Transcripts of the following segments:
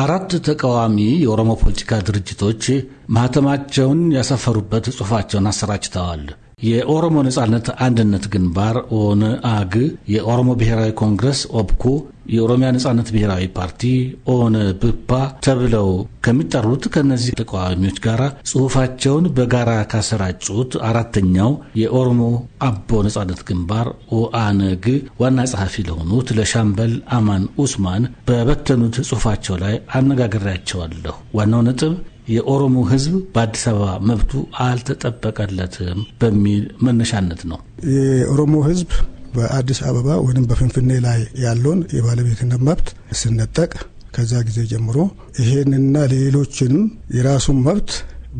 አራት ተቃዋሚ የኦሮሞ ፖለቲካ ድርጅቶች ማህተማቸውን ያሰፈሩበት ጽሑፋቸውን አሰራጭተዋል። የኦሮሞ ነጻነት አንድነት ግንባር ኦነአግ፣ የኦሮሞ ብሔራዊ ኮንግረስ ኦብኮ፣ የኦሮሚያ ነጻነት ብሔራዊ ፓርቲ ኦነ ብፓ ተብለው ከሚጠሩት ከእነዚህ ተቃዋሚዎች ጋር ጽሑፋቸውን በጋራ ካሰራጩት አራተኛው የኦሮሞ አቦ ነጻነት ግንባር ኦአነግ ዋና ጸሐፊ ለሆኑት ለሻምበል አማን ኡስማን በበተኑት ጽሑፋቸው ላይ አነጋግሬያቸዋለሁ። ዋናው ነጥብ የኦሮሞ ህዝብ በአዲስ አበባ መብቱ አልተጠበቀለትም በሚል መነሻነት ነው። የኦሮሞ ህዝብ በአዲስ አበባ ወይም በፍንፍኔ ላይ ያለውን የባለቤትነት መብት ስነጠቅ ከዛ ጊዜ ጀምሮ ይሄንና ሌሎችንም የራሱን መብት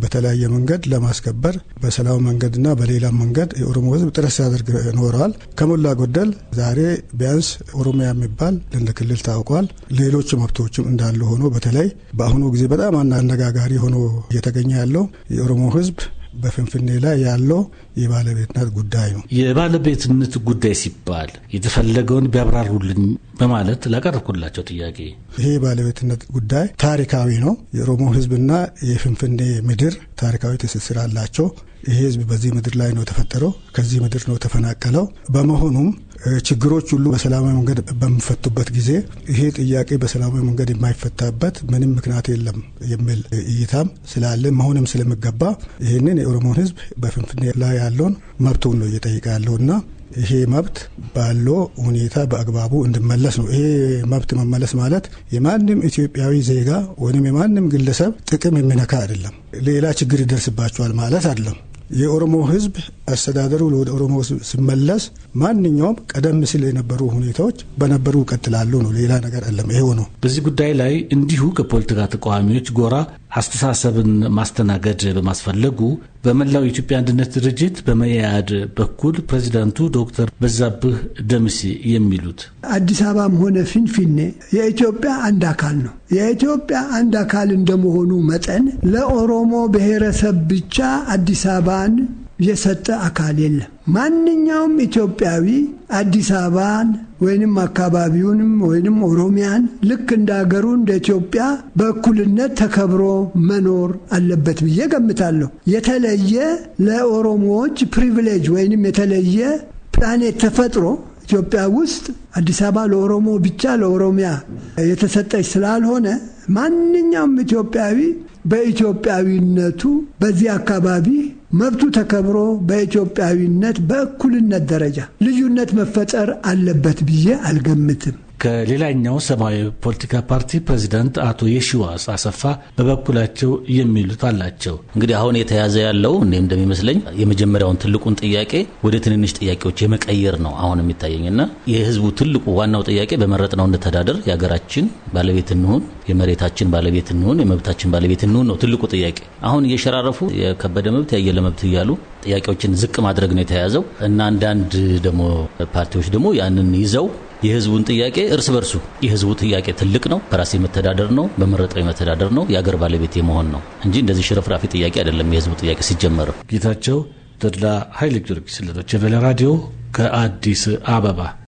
በተለያየ መንገድ ለማስከበር በሰላም መንገድና በሌላ መንገድ የኦሮሞ ህዝብ ጥረት ሲያደርግ ኖረዋል። ከሞላ ጎደል ዛሬ ቢያንስ ኦሮሚያ የሚባል ልንድ ክልል ታውቋል። ሌሎች መብቶችም እንዳሉ ሆኖ በተለይ በአሁኑ ጊዜ በጣም አነጋጋሪ ሆኖ እየተገኘ ያለው የኦሮሞ ህዝብ በፍንፍኔ ላይ ያለው የባለቤትነት ጉዳይ ነው። የባለቤትነት ጉዳይ ሲባል የተፈለገውን ቢያብራሩልኝ በማለት ላቀረብኩላቸው ጥያቄ ይሄ የባለቤትነት ጉዳይ ታሪካዊ ነው። የኦሮሞ ሕዝብና የፍንፍኔ ምድር ታሪካዊ ትስስር አላቸው። ይሄ ሕዝብ በዚህ ምድር ላይ ነው የተፈጠረው፣ ከዚህ ምድር ነው ተፈናቀለው በመሆኑም ችግሮች ሁሉ በሰላማዊ መንገድ በሚፈቱበት ጊዜ ይሄ ጥያቄ በሰላማዊ መንገድ የማይፈታበት ምንም ምክንያት የለም የሚል እይታም ስላለ መሆንም ስለሚገባ ይህንን የኦሮሞን ህዝብ በፍንፍኔ ላይ ያለውን መብቱን ነው እየጠየቀ ያለው እና ይሄ መብት ባለው ሁኔታ በአግባቡ እንድመለስ ነው። ይሄ መብት መመለስ ማለት የማንም ኢትዮጵያዊ ዜጋ ወይም የማንም ግለሰብ ጥቅም የሚነካ አይደለም። ሌላ ችግር ይደርስባቸዋል ማለት አይደለም። የኦሮሞ ህዝብ አስተዳደሩ ወደ ኦሮሞ ሲመለስ ማንኛውም ቀደም ሲል የነበሩ ሁኔታዎች በነበሩ ይቀጥላሉ ነው። ሌላ ነገር አለም። ይሄው ነው። በዚህ ጉዳይ ላይ እንዲሁ ከፖለቲካ ተቃዋሚዎች ጎራ አስተሳሰብን ማስተናገድ በማስፈለጉ በመላው የኢትዮጵያ አንድነት ድርጅት በመያያድ በኩል ፕሬዚዳንቱ ዶክተር በዛብህ ደምሴ የሚሉት አዲስ አበባም ሆነ ፊንፊኔ የኢትዮጵያ አንድ አካል ነው። የኢትዮጵያ አንድ አካል እንደመሆኑ መጠን ለኦሮሞ ብሔረሰብ ብቻ አዲስ አበባን የሰጠ አካል የለም። ማንኛውም ኢትዮጵያዊ አዲስ አበባን ወይንም አካባቢውንም ወይንም ኦሮሚያን ልክ እንደ ሀገሩ እንደ ኢትዮጵያ በእኩልነት ተከብሮ መኖር አለበት ብዬ ገምታለሁ። የተለየ ለኦሮሞዎች ፕሪቪሌጅ ወይንም የተለየ ፕላኔት ተፈጥሮ ኢትዮጵያ ውስጥ አዲስ አበባ ለኦሮሞ ብቻ ለኦሮሚያ የተሰጠች ስላልሆነ ማንኛውም ኢትዮጵያዊ በኢትዮጵያዊነቱ በዚህ አካባቢ መብቱ ተከብሮ በኢትዮጵያዊነት በእኩልነት ደረጃ ልዩነት መፈጠር አለበት ብዬ አልገምትም። ከሌላኛው ሰማያዊ ፖለቲካ ፓርቲ ፕሬዚዳንት አቶ የሺዋስ አሰፋ በበኩላቸው የሚሉት አላቸው። እንግዲህ አሁን የተያዘ ያለው እኔ እንደሚመስለኝ የመጀመሪያውን ትልቁን ጥያቄ ወደ ትንንሽ ጥያቄዎች የመቀየር ነው አሁን የሚታየኝና የህዝቡ ትልቁ ዋናው ጥያቄ ነው እንተዳደር፣ የሀገራችን ባለቤት እንሁን፣ የመሬታችን ባለቤት እንሁን፣ የመብታችን ባለቤት እንሁን ነው ትልቁ ጥያቄ። አሁን እየሸራረፉ የከበደ መብት ያየለ መብት እያሉ ጥያቄዎችን ዝቅ ማድረግ ነው የተያዘው እና አንዳንድ ደግሞ ፓርቲዎች ደግሞ ያንን ይዘው የህዝቡን ጥያቄ እርስ በርሱ የህዝቡ ጥያቄ ትልቅ ነው። በራሴ መተዳደር ነው፣ በመረጠው መተዳደር ነው፣ የአገር ባለቤት የመሆን ነው እንጂ እንደዚህ ሽረፍራፊ ጥያቄ አይደለም የህዝቡ ጥያቄ ሲጀመርም። ጌታቸው ተድላ ኃይለ ጊዮርጊስ ለዶይቼ ቬለ ራዲዮ ከአዲስ አበባ